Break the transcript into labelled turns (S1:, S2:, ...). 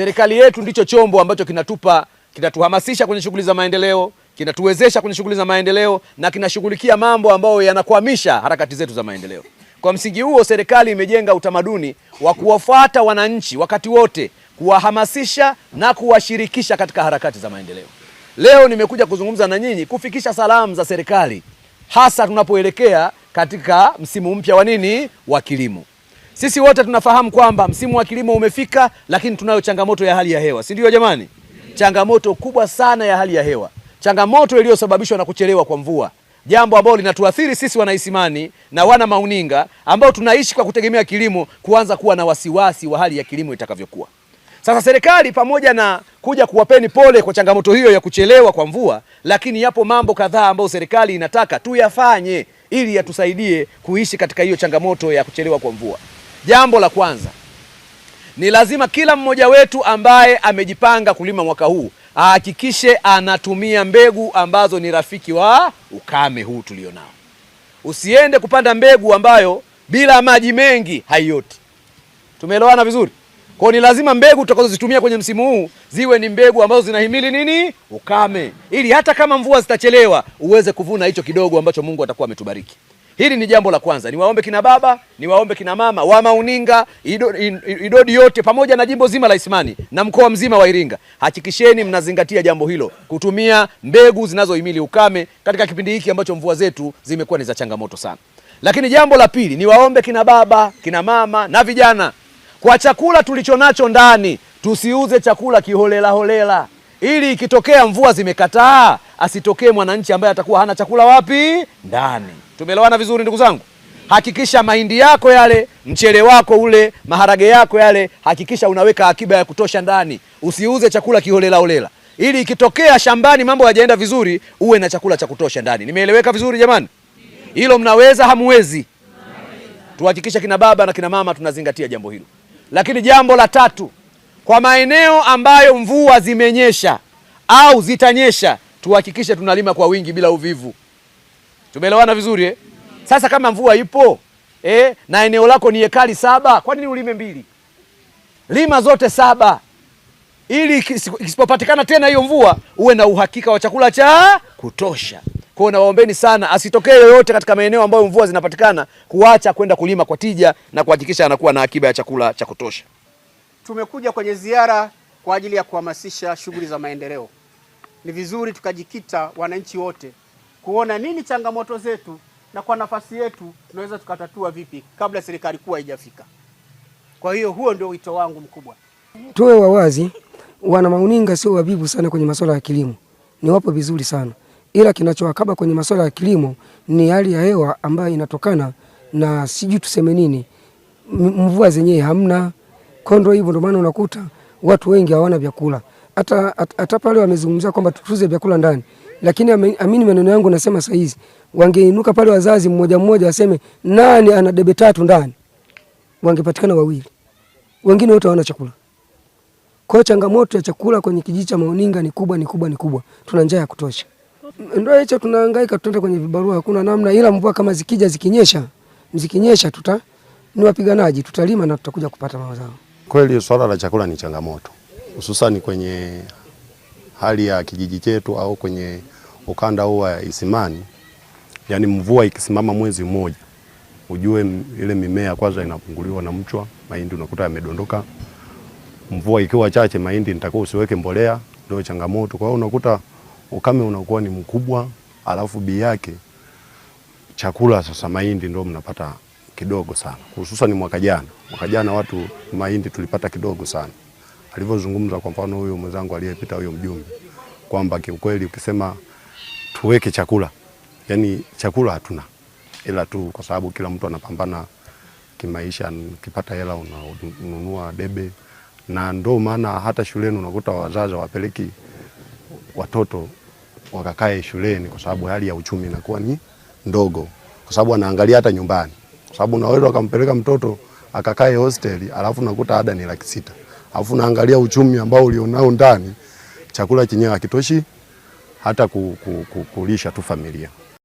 S1: Serikali yetu ndicho chombo ambacho kinatupa kinatuhamasisha kwenye shughuli za maendeleo, kinatuwezesha kwenye shughuli za maendeleo na kinashughulikia mambo ambayo yanakwamisha harakati zetu za maendeleo. Kwa msingi huo, serikali imejenga utamaduni wa kuwafuata wananchi wakati wote, kuwahamasisha na kuwashirikisha katika harakati za maendeleo. Leo nimekuja kuzungumza na nyinyi kufikisha salamu za serikali, hasa tunapoelekea katika msimu mpya wa nini wa kilimo. Sisi wote tunafahamu kwamba msimu wa kilimo umefika, lakini tunayo changamoto ya hali ya hewa, si ndio jamani? Changamoto kubwa sana ya hali ya hewa, changamoto iliyosababishwa na kuchelewa kwa mvua, jambo ambalo linatuathiri sisi wanaisimani na wana Mauninga ambao tunaishi kwa kutegemea kilimo, kuanza kuwa na wasiwasi wa hali ya kilimo itakavyokuwa. Sasa serikali pamoja na kuja kuwapeni pole kwa changamoto hiyo ya kuchelewa kwa mvua, lakini yapo mambo kadhaa ambayo serikali inataka tuyafanye ili yatusaidie kuishi katika hiyo changamoto ya kuchelewa kwa mvua. Jambo la kwanza ni lazima kila mmoja wetu ambaye amejipanga kulima mwaka huu ahakikishe anatumia mbegu ambazo ni rafiki wa ukame huu tulionao. Usiende kupanda mbegu ambayo bila maji mengi haioti. Tumeelewana vizuri? Kwa ni lazima mbegu tutakazozitumia kwenye msimu huu ziwe ni mbegu ambazo zinahimili nini? Ukame, ili hata kama mvua zitachelewa uweze kuvuna hicho kidogo ambacho Mungu atakuwa ametubariki. Hili ni jambo la kwanza. Niwaombe kina baba, niwaombe kina mama wa Mauninga, Idodi, yote pamoja na jimbo zima la Isimani na mkoa mzima wa Iringa, hakikisheni mnazingatia jambo hilo, kutumia mbegu zinazohimili ukame katika kipindi hiki ambacho mvua zetu zimekuwa ni za changamoto sana. Lakini jambo la pili, niwaombe kina baba, kina mama na vijana, kwa chakula tulichonacho ndani tusiuze chakula kiholela holela ili ikitokea mvua zimekataa, asitokee mwananchi ambaye atakuwa hana chakula wapi ndani. Tumeelewana vizuri ndugu zangu? Hakikisha mahindi yako yale, mchele wako ule, maharage yako yale, hakikisha unaweka akiba ya kutosha ndani. Usiuze chakula kiholela holela, ili ikitokea shambani mambo hayajaenda vizuri, uwe na chakula cha kutosha ndani. Nimeeleweka vizuri jamani? Hilo mnaweza hamwezi? Tuhakikisha kina baba na kina mama tunazingatia jambo hilo. Lakini jambo la tatu kwa maeneo ambayo mvua zimenyesha au zitanyesha, tuhakikishe tunalima kwa wingi bila uvivu. Tumeelewana vizuri eh? Sasa kama mvua ipo eh, na eneo lako ni hekari saba, kwa nini ulime mbili? Lima zote saba ili kisipopatikana tena hiyo mvua uwe na uhakika wa chakula cha kutosha. Kwa hiyo nawaombeni sana, asitokee yoyote katika maeneo ambayo mvua zinapatikana kuacha kwenda kulima kwa tija na kuhakikisha anakuwa na akiba ya chakula cha kutosha
S2: tumekuja kwenye ziara kwa ajili ya kuhamasisha shughuli za maendeleo. Ni vizuri tukajikita wananchi wote kuona nini changamoto zetu na kwa nafasi yetu tunaweza tukatatua vipi kabla serikali kuu haijafika. Kwa hiyo huo ndio wito wangu mkubwa.
S3: Tuwe wawazi, wana Mauninga sio wabibu sana kwenye masuala ya kilimo, ni wapo vizuri sana ila kinachowakaba kwenye masuala ya kilimo ni hali ya hewa ambayo inatokana na sijui tuseme nini, mvua zenyewe hamna, kwa ndio hivyo, ndio maana unakuta watu wengi hawana vyakula. Hata hata pale wamezungumzia kwamba tutuze vyakula ndani, lakini amini maneno yangu nasema saa hizi wangeinuka pale wazazi mmoja mmoja aseme nani ana debe tatu ndani, wangepatikana wawili, wengine wote hawana chakula. Kwa hiyo changamoto ya chakula kwenye kijiji cha Maoninga ni kubwa, ni kubwa, ni kubwa. Tuna njaa ya kutosha, ndio hicho tunahangaika, tunaenda kwenye vibarua, hakuna namna, ila mvua kama zikija zikinyesha, zikinyesha tuta ni wapiganaji, tutalima na tutakuja kupata mazao.
S4: Kweli swala la chakula ni changamoto, hususani kwenye hali ya kijiji chetu au kwenye ukanda huu wa Isimani. Yaani mvua ikisimama mwezi mmoja, ujue ile mimea kwanza inapunguliwa na mchwa, mahindi unakuta yamedondoka. Mvua ikiwa chache, mahindi nitakuwa usiweke mbolea, ndio changamoto. Kwa hiyo unakuta ukame unakuwa ni mkubwa, alafu bii yake chakula sasa, mahindi ndio mnapata kidogo sana, hususan mwaka jana. Mwaka jana watu mahindi tulipata kidogo sana. Alivyozungumza kwa mfano huyo mwenzangu aliyepita, huyo mjumbe, kwamba kiukweli ukisema tuweke chakula, yani chakula hatuna, ila tu kwa sababu kila mtu anapambana kimaisha, kipata hela unanunua debe, na ndo maana hata shuleni unakuta wazazi wapeleki watoto wakakae shuleni kwa sababu hali ya uchumi inakuwa ni ndogo, kwa sababu anaangalia hata nyumbani sababu unaweza ukampeleka mtoto akakae hosteli alafu nakuta ada ni laki sita alafu naangalia uchumi ambao ulionao ndani, chakula chenyewe hakitoshi hata kulisha tu familia.